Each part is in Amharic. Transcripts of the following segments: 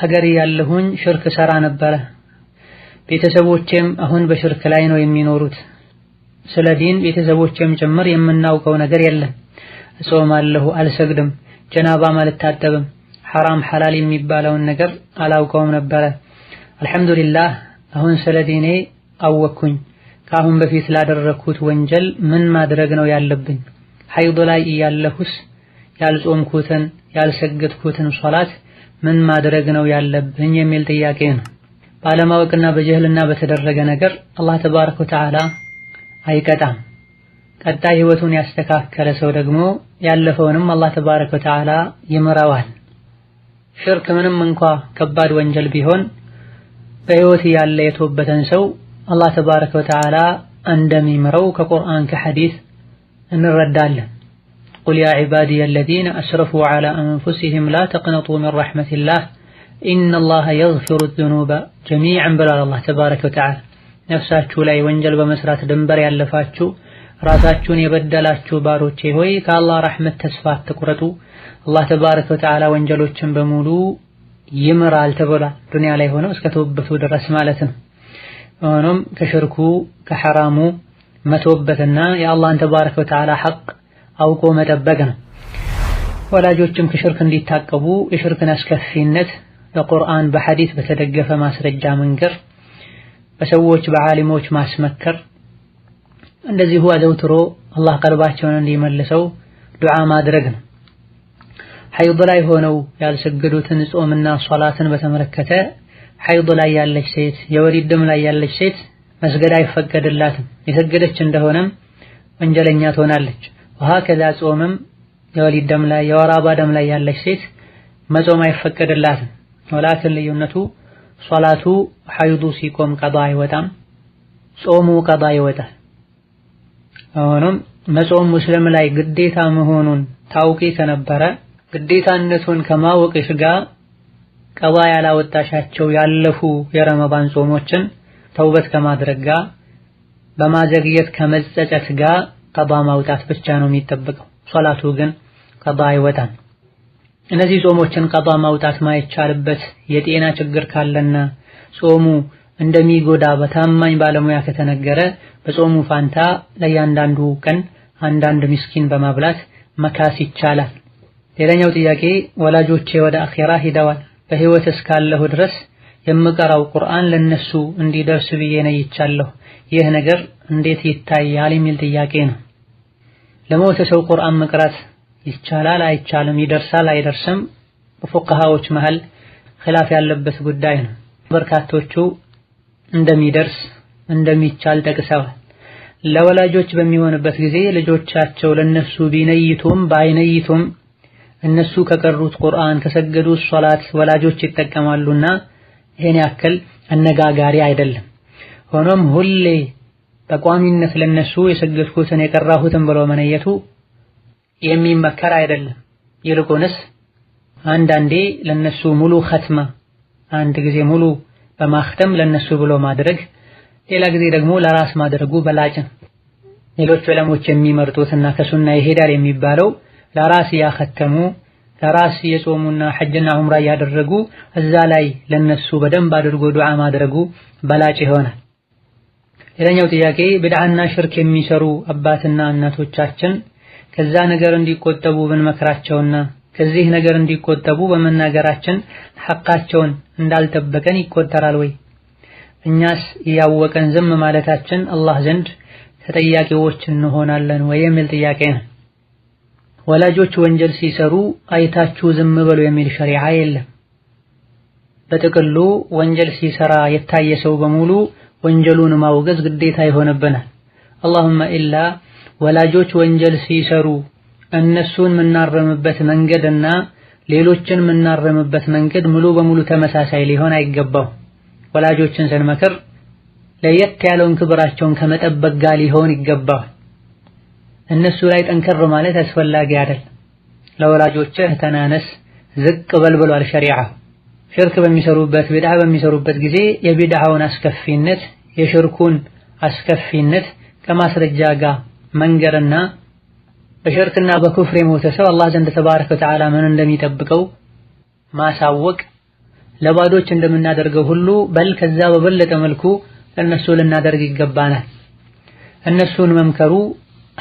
ሀገር ያለሁኝ ሽርክ ሰራ ነበረ። ቤተሰቦቼም አሁን በሽርክ ላይ ነው የሚኖሩት። ስለ ዲን ቤተሰቦቼም ጭምር የምናውቀው ነገር የለም። እጾማለሁ፣ አልሰግድም፣ ጀናባም አልታጠብም፣ ሐራም ሐላል የሚባለውን ነገር አላውቀውም ነበረ። አልሐምዱሊላህ አሁን ስለ ዲኔ አወቅኩኝ። ከአሁን በፊት ላደረግኩት ወንጀል ምን ማድረግ ነው ያለብኝ? ሐይድ ላይ እያለሁስ ያልጾምኩትን ያልሰገድኩትን ሶላት ምን ማድረግ ነው ያለብኝ የሚል ጥያቄ ነው። ባለማወቅና በጀህልና በተደረገ ነገር አላህ ተባረከ ወተዓላ አይቀጣም። ቀጣይ ህይወቱን ያስተካከለ ሰው ደግሞ ያለፈውንም አላህ ተባረከ ወተዓላ ይምረዋል። ሽርክ ምንም እንኳ ከባድ ወንጀል ቢሆን በህይወት ያለ የተወበተን ሰው አላህ ተባረከ ወተዓላ እንደሚምረው ከቁርአን ከሐዲስ እንረዳለን። ቁል ያ ዒባዲየ አለዚነ አስረፉ ዓላ አንፉሲህም ላ ተቅነጡ ሚን ረሕመቲላህ ኢነላሀ የግፊሩ ዙኑበ ጀሚዐን ብሏል አላህ ተባረከ ወተዓላ። ነፍሳችሁ ላይ ወንጀል በመስራት ድንበር ያለፋችሁ ራሳችሁን የበደላችሁ ባሮቼ ሆይ ከአላህ ረሕመት ተስፋ አትቁረጡ። አላህ ተባረከ ወተዓላ ወንጀሎችን በሙሉ ይምራል ተብሏል። ዱንያ ላይ ሆነው እስከተወበቱ ድረስ ማለት ነው። ሆኖም ከሽርኩ ከሐራሙ መተወበትና የአላህን ተባረከ ወተዓላ ሐቅ አውቆ መጠበቅ ነው። ወላጆችም ከሽርክ እንዲታቀቡ የሽርክን አስከፊነት በቁርአን በሐዲስ በተደገፈ ማስረጃ መንገር፣ በሰዎች በዓሊሞች ማስመከር፣ እንደዚሁ አዘውትሮ አላህ ቀልባቸውን እንዲመልሰው ዱዓ ማድረግ ነው። ሐይድ ላይ ሆነው ያልሰገዱትን ጾምና ሶላትን በተመለከተ ሐይድ ላይ ያለች ሴት፣ የወሊድ ደም ላይ ያለች ሴት መስገድ አይፈቀድላትም። የሰገደች እንደሆነም ወንጀለኛ ትሆናለች። ውሃ ከዛ ጾምም የወሊድ ደም ላይ የወር አበባ ደም ላይ ያለች ሴት መጾም አይፈቀድላትም። ወላኪን ልዩነቱ ሶላቱ ሐይዱ ሲቆም ቀዷ አይወጣም፣ ጾሙ ቀዷ ይወጣል። ሆኖም መጾም ሙስልም ላይ ግዴታ መሆኑን ታውቂ ከነበረ ግዴታነቱን ከማወቅሽ ጋር ቀዷ ያላወጣሻቸው ያለፉ የረመዳን ጾሞችን ተውበት ከማድረግ ጋር በማዘግየት ከመጸጸት ጋር ቀባ ማውጣት ብቻ ነው የሚጠበቀው። ሶላቱ ግን ቀባ አይወጣም። እነዚህ ጾሞችን ቀባ ማውጣት ማይቻልበት የጤና ችግር ካለና ጾሙ እንደሚጎዳ በታማኝ ባለሙያ ከተነገረ በጾሙ ፋንታ ለእያንዳንዱ ቀን አንዳንድ ምስኪን በማብላት መካስ ይቻላል። ሌላኛው ጥያቄ ወላጆቼ ወደ አኼራ ሂደዋል። በህይወት እስካለሁ ድረስ የምቀራው ቁርአን ለነሱ እንዲደርስ ብዬ ነይቻለሁ። ይህ ነገር እንዴት ይታያል የሚል ጥያቄ ነው። ለሞተ ሰው ቁርአን መቅራት ይቻላል አይቻልም፣ ይደርሳል አይደርስም በፉቃሃዎች መሃል ኺላፍ ያለበት ጉዳይ ነው። በርካቶቹ እንደሚደርስ እንደሚቻል ጠቅሰዋል። ለወላጆች በሚሆንበት ጊዜ ልጆቻቸው ለነሱ ቢነይቱም ባይነይቱም እነሱ ከቀሩት ቁርአን ከሰገዱት ሶላት ወላጆች ይጠቀማሉና ይሄን ያክል አነጋጋሪ አይደለም። ሆኖም ሁሌ በቋሚነት ለነሱ የሰገድኩትን የቀራሁትን ብሎ መነየቱ የሚመከር አይደለም። ይልቁንስ አንዳንዴ ለነሱ ሙሉ ኸትማ አንድ ጊዜ ሙሉ በማክተም ለነሱ ብሎ ማድረግ፣ ሌላ ጊዜ ደግሞ ለራስ ማድረጉ በላጭ። ሌሎች ዕለሞች የሚመርጡትና ከሱና ይሄዳል የሚባለው ለራስ እያከተሙ ለራስ የጾሙና ሐጅና ዑምራ እያደረጉ እዛ ላይ ለነሱ በደንብ አድርጎ ዱዓ ማድረጉ በላጭ ይሆናል። ሌላኛው ጥያቄ ብድዓና ሽርክ የሚሰሩ አባትና እናቶቻችን ከዛ ነገር እንዲቆጠቡ ብንመክራቸውና ከዚህ ነገር እንዲቆጠቡ በመናገራችን ሐቃቸውን እንዳልጠበቀን ይቆጠራል ወይ? እኛስ እያወቀን ዝም ማለታችን አላህ ዘንድ ተጠያቂዎች እንሆናለን ወይ የሚል ጥያቄ ነው። ወላጆች ወንጀል ሲሰሩ አይታችሁ ዝም በሉ የሚል ሸሪዓ የለም። በጥቅሉ ወንጀል ሲሰራ የታየ ሰው በሙሉ ወንጀሉን ማውገዝ ግዴታ ይሆንብናል። አላሁመ ኢላ ወላጆች ወንጀል ሲሰሩ እነሱን የምናረምበት መንገድና ሌሎችን የምናረምበት መንገድ ሙሉ በሙሉ ተመሳሳይ ሊሆን አይገባው። ወላጆችን ስንመክር ለየት ያለውን ክብራቸውን ከመጠበቅ ጋር ሊሆን ይገባዋል። እነሱ ላይ ጠንከር ማለት አስፈላጊ አይደል። ለወላጆችህ ተናነስ ዝቅ በል ብሏል ሸሪዓ። ሽርክ በሚሰሩበት ቢድዓ በሚሰሩበት ጊዜ የቢድዓውን አስከፊነት የሽርኩን አስከፊነት ከማስረጃ ጋር መንገርና በሽርክና በኩፍር የሞተ ሰው አላህ ዘንድ ተባረከ ወተዓላ ምን እንደሚጠብቀው ማሳወቅ ለባዶች እንደምናደርገው ሁሉ በል ከዛ በበለጠ መልኩ ለእነሱ ልናደርግ ይገባናል። እነሱን መምከሩ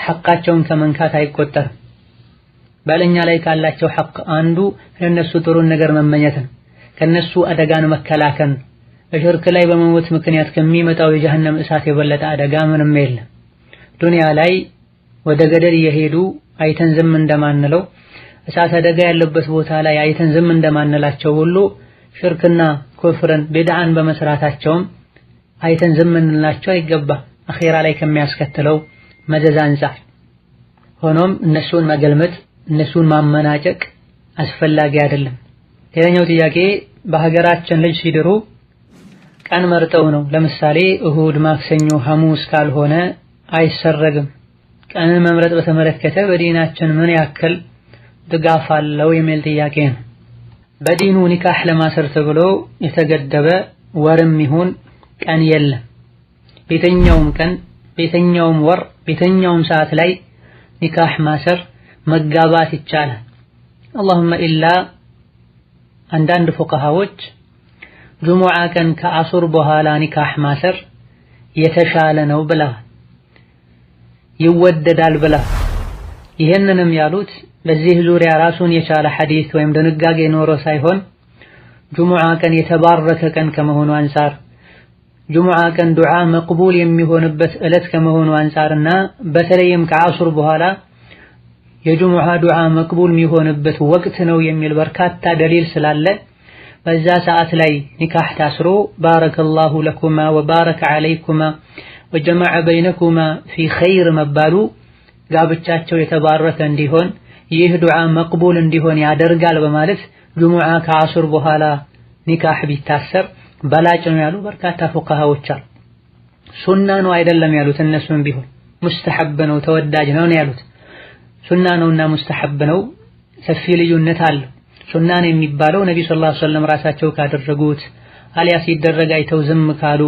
ሐቃቸውን ከመንካት አይቆጠርም። በለኛ ላይ ካላቸው ሐቅ አንዱ ለእነሱ ጥሩን ነገር መመኘትን ከነሱ አደጋን መከላከል እሽርክ ላይ በመሞት ምክንያት ከሚመጣው የጀሀነም እሳት የበለጠ አደጋ ምንም የለም። ዱንያ ላይ ወደ ገደል እየሄዱ አይተን ዝም እንደማንለው እሳት አደጋ ያለበት ቦታ ላይ አይተን ዝም እንደማንላቸው ሁሉ ሽርክና ኩፍርን ቢድዓን በመስራታቸውም አይተን ዝም እንላቸው አይገባ አኼራ ላይ ከሚያስከትለው መዘዝ አንጻር። ሆኖም እነሱን መገልመጥ እነሱን ማመናጨቅ አስፈላጊ አይደለም። ሌላኛው ጥያቄ በሀገራችን ልጅ ሲድሩ ቀን መርጠው ነው። ለምሳሌ እሁድ፣ ማክሰኞ፣ ሐሙስ ካልሆነ አይሰረግም። ቀንን መምረጥ በተመለከተ በዲናችን ምን ያክል ድጋፍ አለው የሚል ጥያቄ ነው። በዲኑ ኒካህ ለማሰር ተብሎ የተገደበ ወርም ይሁን ቀን የለም። ቤተኛውም ቀን፣ ቤተኛውም ወር፣ ቤተኛውም ሰዓት ላይ ኒካህ ማሰር መጋባት ይቻላል። አላሁመ ኢላ አንዳንድ ፉቀሃዎች ጁሙዓ ቀን ከአሱር በኋላ ኒካህ ማሰር የተሻለ ነው ብላ ይወደዳል ብላ ይህንንም ያሉት በዚህ ዙሪያ ራሱን የቻለ ሐዲስ ወይም ድንጋጌ ኖሮ ሳይሆን ጁሙዓ ቀን የተባረከ ቀን ከመሆኑ አንፃር ጁሙዓ ቀን ዱዓ መቅቡል የሚሆንበት ዕለት ከመሆኑ አንፃርና በተለይም ከአሱር በኋላ የጁሙዓ ዱዓ መቅቡል የሚሆንበት ወቅት ነው የሚል በርካታ ደሊል ስላለ በዛ ሰዓት ላይ ኒካህ ታስሮ ባረከላሁ ለኩማ ወባረከ አለይኩማ ወጀመዐ በይነኩማ ፊ ኸይር መባሉ ጋብቻቸው የተባረከ እንዲሆን ይህ ዱዓ መቅቡል እንዲሆን ያደርጋል በማለት ጅሙዓ ከአሱር በኋላ ኒካህ ቢታሰር በላጭ ነው ያሉ በርካታ ፉካሃዎች አሉ። ሱና ነው አይደለም ያሉት እነሱም ቢሆን ሙስተሐብ ነው ተወዳጅ ነው ያሉት። ሱና ነውና ሙስተሐብ ነው ሰፊ ልዩነት አለው። ሱናን የሚባለው ነቢ ሰለላሁ ዐለይሂ ወሰለም ራሳቸው ካደረጉት አልያ ሲደረግ አይተው ዝም ካሉ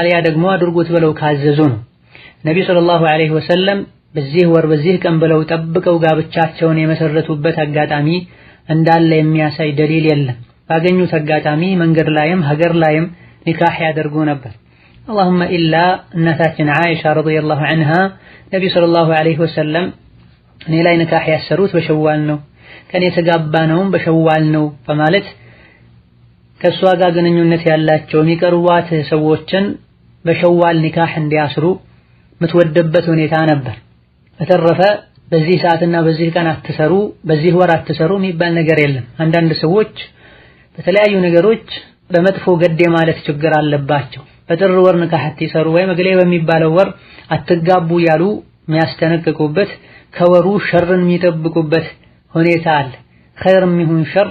አልያ ደግሞ አድርጉት ብለው ካዘዙ ነው። ነቢ ሰለላሁ ዐለይሂ ወሰለም በዚህ ወር በዚህ ቀን ብለው ጠብቀው ጋብቻቸውን የመሰረቱበት አጋጣሚ እንዳለ የሚያሳይ ደሊል የለም። ባገኙት አጋጣሚ መንገድ ላይም ሀገር ላይም ኒካህ ያደርጉ ነበር። አላሁመ ኢላ እናታችን ዓኢሻ ረዲየላሁ ዐንሃ ነቢ ሰለላሁ ዐለይሂ ወሰለም እኔ ላይ ንካህ ያሰሩት በሸዋል ነው ከኔ የተጋባ ነውም በሸዋል ነው በማለት ከእሷ ጋር ግንኙነት ያላቸው የሚቀርቧት ሰዎችን በሸዋል ኒካህ እንዲያስሩ የምትወደበት ሁኔታ ነበር። በተረፈ በዚህ ሰዓትና በዚህ ቀን አትሰሩ፣ በዚህ ወር አትሰሩ የሚባል ነገር የለም። አንዳንድ ሰዎች በተለያዩ ነገሮች በመጥፎ ገዴ ማለት ችግር አለባቸው። በጥር ወር ንካህ አትሰሩ ወይም እገሌ በሚባለው ወር አትጋቡ ያሉ የሚያስጠነቅቁበት ከወሩ ሸርን የሚጠብቁበት ሁኔታ አለ። ኸይርም ይሁን ሸር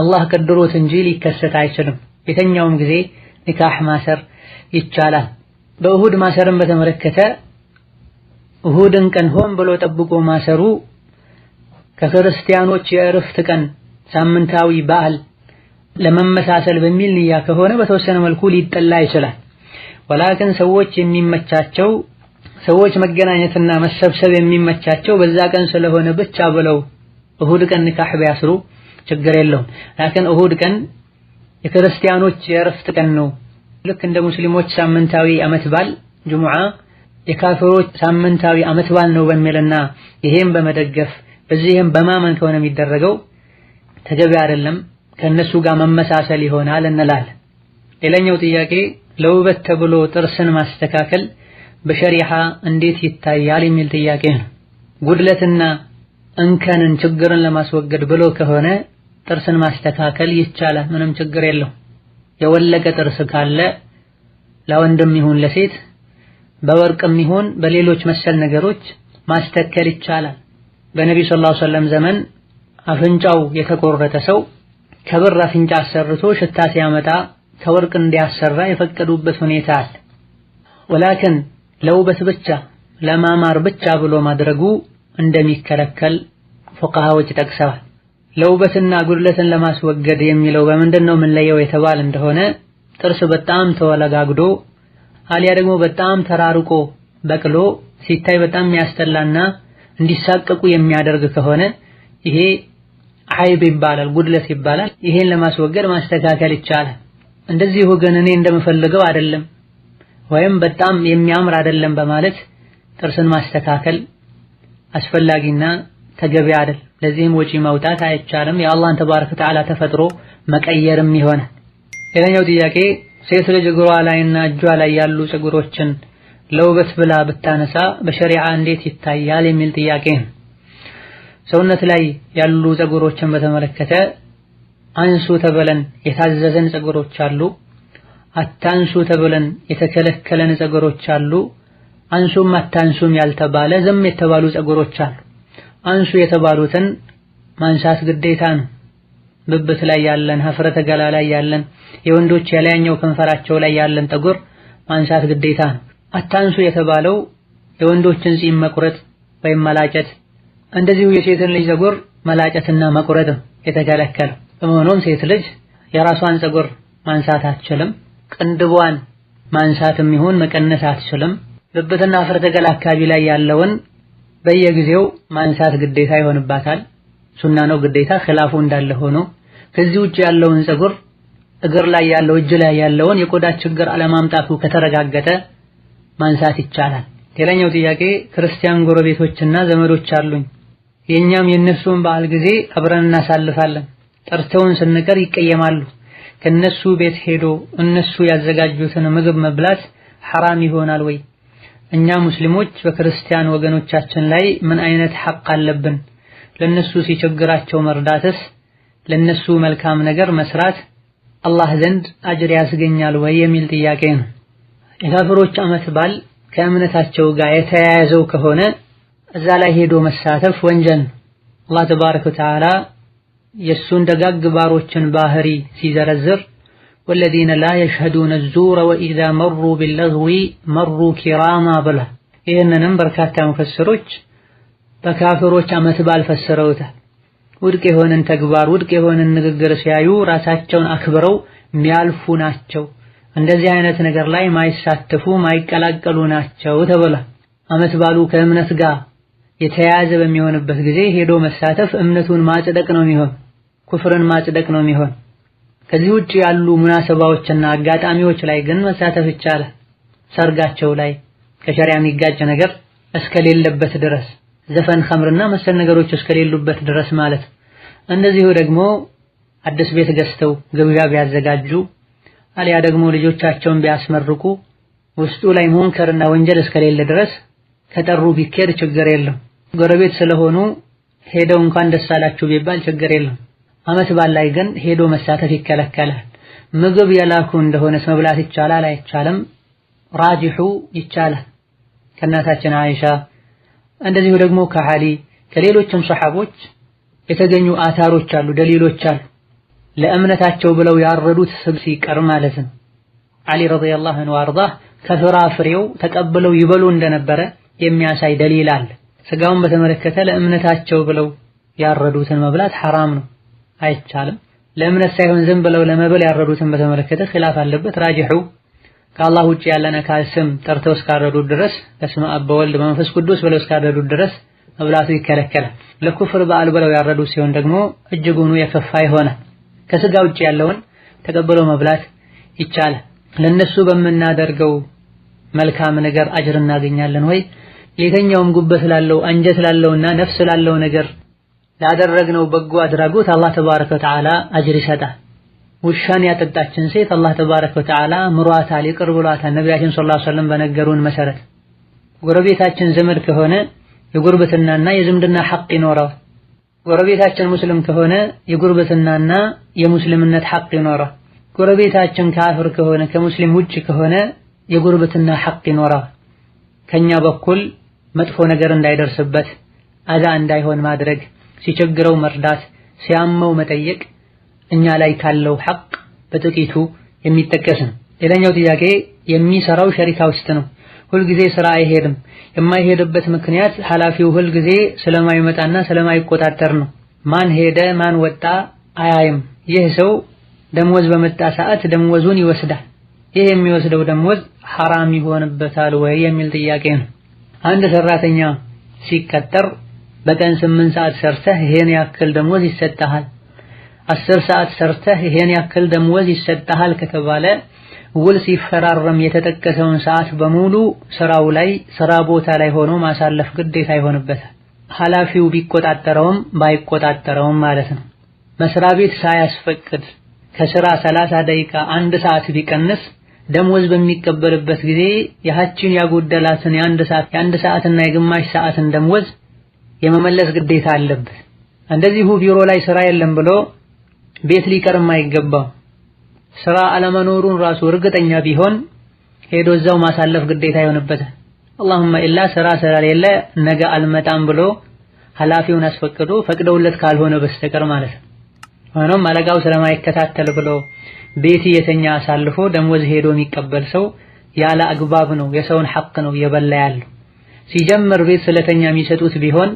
አላህ ቀድሮት እንጂ ሊከሰት አይችልም። የተኛውም ጊዜ ኒካህ ማሰር ይቻላል። በእሁድ ማሰርን በተመለከተ እሁድን ቀን ሆን ብሎ ጠብቆ ማሰሩ ከክርስቲያኖች የእርፍት ቀን ሳምንታዊ በዓል ለመመሳሰል በሚል ንያ ከሆነ በተወሰነ መልኩ ሊጠላ ይችላል። ወላክን ሰዎች የሚመቻቸው ሰዎች መገናኘትና መሰብሰብ የሚመቻቸው በዛ ቀን ስለሆነ ብቻ ብለው እሁድ ቀን ኒካህ ቢያስሩ ችግር የለውም። ላኪን እሁድ ቀን የክርስቲያኖች የእረፍት ቀን ነው። ልክ እንደ ሙስሊሞች ሳምንታዊ ዓመት በዓል ጅሙዓ የካፍሮች ሳምንታዊ ዓመት በዓል ነው በሚልና ይሄም በመደገፍ በዚህም በማመን ከሆነ የሚደረገው ተገቢ አይደለም። ከእነሱ ጋር መመሳሰል ይሆናል እንላለን። ሌላኛው ጥያቄ ለውበት ተብሎ ጥርስን ማስተካከል በሸሪሃ እንዴት ይታያል የሚል ጥያቄ ነው። ጉድለትና እንከንን ችግርን ለማስወገድ ብሎ ከሆነ ጥርስን ማስተካከል ይቻላል፣ ምንም ችግር የለው። የወለቀ ጥርስ ካለ ለወንድም ይሁን ለሴት በወርቅም ይሁን በሌሎች መሰል ነገሮች ማስተከል ይቻላል። በነቢዩ ሰለላሁ ዐለይሂ ወሰለም ዘመን አፍንጫው የተቆረጠ ሰው ከብር አፍንጫ አሰርቶ ሽታ ሲያመጣ ከወርቅ እንዲያሰራ የፈቀዱበት ሁኔታ አለ። ወላክን ለውበት ብቻ ለማማር ብቻ ብሎ ማድረጉ እንደሚከለከል ፉቃሃዎች ጠቅሰዋል። ለውበትና ጉድለትን ለማስወገድ የሚለው በምንድን ነው የምንለየው የተባል እንደሆነ ጥርስ በጣም ተወለጋግዶ አሊያ ደግሞ በጣም ተራርቆ በቅሎ ሲታይ በጣም የሚያስጠላና እንዲሳቀቁ የሚያደርግ ከሆነ ይሄ ዐይብ ይባላል፣ ጉድለት ይባላል። ይሄን ለማስወገድ ማስተካከል ይቻላል። እንደዚሁ ግን እኔ እንደምፈልገው አይደለም ወይም በጣም የሚያምር አይደለም በማለት ጥርስን ማስተካከል አስፈላጊና ተገቢ አይደል። ለዚህም ወጪ መውጣት አይቻልም። የአላህን ተባረከ ወተዓላ ተፈጥሮ መቀየርም ይሆነ ሌላኛው ጥያቄ ሴት ልጅ እግሯ ላይና እጇ ላይ ያሉ ፀጉሮችን ለውበት ብላ ብታነሳ በሸሪዓ እንዴት ይታያል የሚል ጥያቄ ሰውነት ላይ ያሉ ፀጉሮችን በተመለከተ አንሱ ተብለን የታዘዘን ፀጉሮች አሉ። አታንሱ ተብለን የተከለከለን ጸጉሮች አሉ። አንሱም አታንሱም ያልተባለ ዝም የተባሉ ጸጉሮች አሉ። አንሱ የተባሉትን ማንሳት ግዴታ ነው። ብብት ላይ ያለን፣ ሀፍረተ ገላ ላይ ያለን፣ የወንዶች የላይኛው ከንፈራቸው ላይ ያለን ጠጉር ማንሳት ግዴታ ነው። አታንሱ የተባለው የወንዶችን ጺም መቁረጥ ወይም መላጨት፣ እንደዚሁ የሴትን ልጅ ጸጉር መላጨትና መቁረጥ የተከለከለው። በመሆኑም ሴት ልጅ የራሷን ጸጉር ማንሳት አትችልም። ቅንድቧን ማንሳትም ይሁን መቀነስ አትችልም። ብብትና ፍርተገላ አካባቢ ላይ ያለውን በየጊዜው ማንሳት ግዴታ ይሆንባታል። ሱና ነው ግዴታ፣ ኺላፉ እንዳለ ሆኖ ከዚህ ውጭ ያለውን ፀጉር፣ እግር ላይ ያለው፣ እጅ ላይ ያለውን የቆዳ ችግር አለማምጣቱ ከተረጋገጠ ማንሳት ይቻላል። ሌላኛው ጥያቄ ክርስቲያን ጎረቤቶችና ዘመዶች አሉኝ። የእኛም የእነሱን በዓል ጊዜ አብረን እናሳልፋለን። ጠርተውን ስንቀር ይቀየማሉ። ከነሱ ቤት ሄዶ እነሱ ያዘጋጁትን ምግብ መብላት ሐራም ይሆናል ወይ? እኛ ሙስሊሞች በክርስቲያን ወገኖቻችን ላይ ምን አይነት ሐቅ አለብን? ለነሱ ሲቸግራቸው መርዳትስ፣ ለነሱ መልካም ነገር መስራት አላህ ዘንድ አጅር ያስገኛል ወይ የሚል ጥያቄ ነው። የካፍሮች ዓመት በዓል ከእምነታቸው ጋር የተያያዘው ከሆነ እዛ ላይ ሄዶ መሳተፍ ወንጀል ነው። አላህ ተባረከ ወተዓላ የእሱን ደጋግ ባሮችን ባህሪ ሲዘረዝር ወለዚነ ላ የሽሀዱነ ዙረ ወኢዛ መሩ ቢለግዊ መሩ ኪራማ ብላ። ይህንንም በርካታ ሙፈስሮች በካፍሮች አመት ባል ፈስረውታል። ውድቅ የሆነን ተግባር ውድቅ የሆነን ንግግር ሲያዩ ራሳቸውን አክብረው የሚያልፉ ናቸው። እንደዚህ አይነት ነገር ላይ ማይሳተፉ ማይቀላቀሉ ናቸው ተብላ። አመት ባሉ ከእምነት ጋር የተያያዘ በሚሆንበት ጊዜ ሄዶ መሳተፍ እምነቱን ማጽደቅ ነው የሚሆን ኩፍርን ማጽደቅ ነው የሚሆን። ከዚህ ውጭ ያሉ ሙናሰባዎችና አጋጣሚዎች ላይ ግን መሳተፍ ይቻላል። ሰርጋቸው ላይ ከሸሪያ የሚጋጭ ነገር እስከሌለበት ድረስ ዘፈን፣ ኸምርና መሰል ነገሮች እስከሌሉበት ድረስ ማለት። እንደዚሁ ደግሞ አዲስ ቤት ገዝተው ግብዣ ቢያዘጋጁ አሊያ ደግሞ ልጆቻቸውን ቢያስመርቁ ውስጡ ላይ ሙንከርና ወንጀል እስከሌለ ድረስ ከጠሩ ቢኬድ ችግር የለም። ጎረቤት ስለሆኑ ሄደው እንኳን ደስ አላችሁ ቢባል ችግር የለም። አመት በዓል ላይ ግን ሄዶ መሳተፍ ይከለከላል። ምግብ የላኩ እንደሆነስ መብላት ይቻላል አይቻልም? ራጅሑ ይቻላል። ከእናታችን አይሻ እንደዚሁ ደግሞ ከዓሊ ከሌሎችም ሰሓቦች የተገኙ አታሮች አሉ፣ ደሊሎች አሉ። ለእምነታቸው ብለው ያረዱት ስብ ሲቀር ማለት ነው። ዓሊ ረዲየላሁ ዐንሁ አርዳህ ከፍራፍሬው ተቀብለው ይበሉ እንደነበረ የሚያሳይ ደሊል አለ። ስጋውን በተመለከተ ለእምነታቸው ብለው ያረዱትን መብላት ሐራም ነው። አይቻልም። ለእምነት ሳይሆን ዝም ብለው ለመበል ያረዱትን በተመለከተ ኺላፍ አለበት። ራጅሑ ከአላህ ውጭ ያለን አካል ስም ጠርተው እስካረዱት ድረስ በስመ አብ በወልድ በመንፈስ ቅዱስ ብለው እስካረዱ ድረስ መብላቱ ይከለከላል። ለኩፍር በዓል ብለው ያረዱ ሲሆን ደግሞ እጅጉኑ የከፋ የሆነ ከስጋ ውጭ ያለውን ተቀብሎ መብላት ይቻላል። ለነሱ በምናደርገው መልካም ነገር አጅር እናገኛለን ወይ? የተኛውም ጉበት ላለው አንጀት ላለውና ነፍስ ላለው ነገር ላደረግነው በጎ አድራጎት አላህ ተባረከ ወተዓላ አጅር ይሰጣል። ውሻን ያጠጣችን ሴት አላህ ተባረከ ወተዓላ ምሯታል፣ ይቅር ብሏታል። ነቢያችን ሰለላሁ ዐለይሂ ወሰለም በነገሩን መሰረት ጎረቤታችን ዘመድ ከሆነ የጉርብትናና የዝምድና ሐቅ ይኖረዋል። ጎረቤታችን ሙስልም ከሆነ የጉርብትናና የሙስልምነት ሐቅ ይኖረዋል። ጎረቤታችን ካፍር ከሆነ ከሙስሊም ውጭ ከሆነ የጉርብትና ሐቅ ይኖረዋል። ከኛ በኩል መጥፎ ነገር እንዳይደርስበት አዛ እንዳይሆን ማድረግ ሲቸግረው መርዳት፣ ሲያመው መጠየቅ እኛ ላይ ካለው ሐቅ በጥቂቱ የሚጠቀስ ነው። ሌላኛው ጥያቄ የሚሰራው ሸሪካ ውስጥ ነው። ሁልጊዜ ስራ አይሄድም። የማይሄድበት ምክንያት ኃላፊው ሁልጊዜ ስለማይመጣና ስለማይቆጣጠር ነው። ማን ሄደ ማን ወጣ አያይም። ይህ ሰው ደሞዝ በመጣ ሰዓት ደሞዙን ይወስዳል። ይህ የሚወስደው ደሞዝ ሐራም ይሆንበታል ወይ የሚል ጥያቄ ነው። አንድ ሰራተኛ ሲቀጠር በቀን ስምንት ሰዓት ሰርተህ ይሄን ያክል ደሞዝ ይሰጠሃል፣ አስር ሰዓት ሰርተህ ይሄን ያክል ደሞዝ ይሰጠሃል ከተባለ ውል ሲፈራረም የተጠቀሰውን ሰዓት በሙሉ ስራው ላይ ስራ ቦታ ላይ ሆኖ ማሳለፍ ግዴታ ይሆንበታል። ኃላፊው ቢቆጣጠረውም ባይቆጣጠረውም ማለት ነው። መስሪያ ቤት ሳያስፈቅድ ከስራ ሰላሳ ደቂቃ አንድ ሰዓት ቢቀንስ ደሞዝ በሚቀበልበት ጊዜ ያችን ያጎደላትን የአንድ ሰዓት የአንድ ሰዓትና የግማሽ ሰዓትን ደሞዝ የመመለስ ግዴታ አለብህ። እንደዚሁ ቢሮ ላይ ስራ የለም ብሎ ቤት ሊቀርም አይገባው ስራ አለመኖሩን ራሱ እርግጠኛ ቢሆን ሄዶ እዛው ማሳለፍ ግዴታ ይሆንበታል። አላሁመ ኢላ ስራ ስለሌለ ነገ አልመጣም ብሎ ኃላፊውን አስፈቅዶ ፈቅደውለት ካልሆነ በስተቀር ማለት ነው። ሆኖም አለቃው ስለማይከታተል ብሎ ቤት የተኛ አሳልፎ ደሞዝ ሄዶ የሚቀበል ሰው ያለ አግባብ ነው፣ የሰውን ሐቅ ነው እየበላ ያለው። ሲጀምር ቤት ስለተኛ የሚሰጡት ቢሆን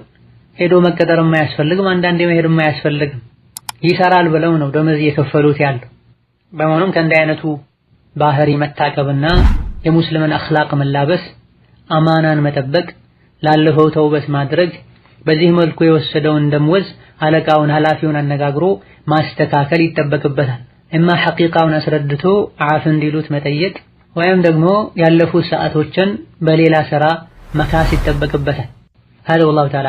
ሄዶ መቀጠር የማያስፈልግም አንዳንዴ መሄድ የማያስፈልግም ይሰራል ብለው ነው ደመወዝ እየከፈሉት ያለው። በመሆኑም ከእንዲህ አይነቱ ባህሪ መታቀብና የሙስልምን አኽላቅ መላበስ፣ አማናን መጠበቅ፣ ላለፈው ተውበት ማድረግ፣ በዚህ መልኩ የወሰደውን ደመወዝ አለቃውን ኃላፊውን አነጋግሮ ማስተካከል ይጠበቅበታል። እማ ሐቂቃውን አስረድቶ አፍ እንዲሉት መጠየቅ ወይም ደግሞ ያለፉት ሰዓቶችን በሌላ ስራ መካስ ይጠበቅበታል። هذا ወላሁ ተዓላ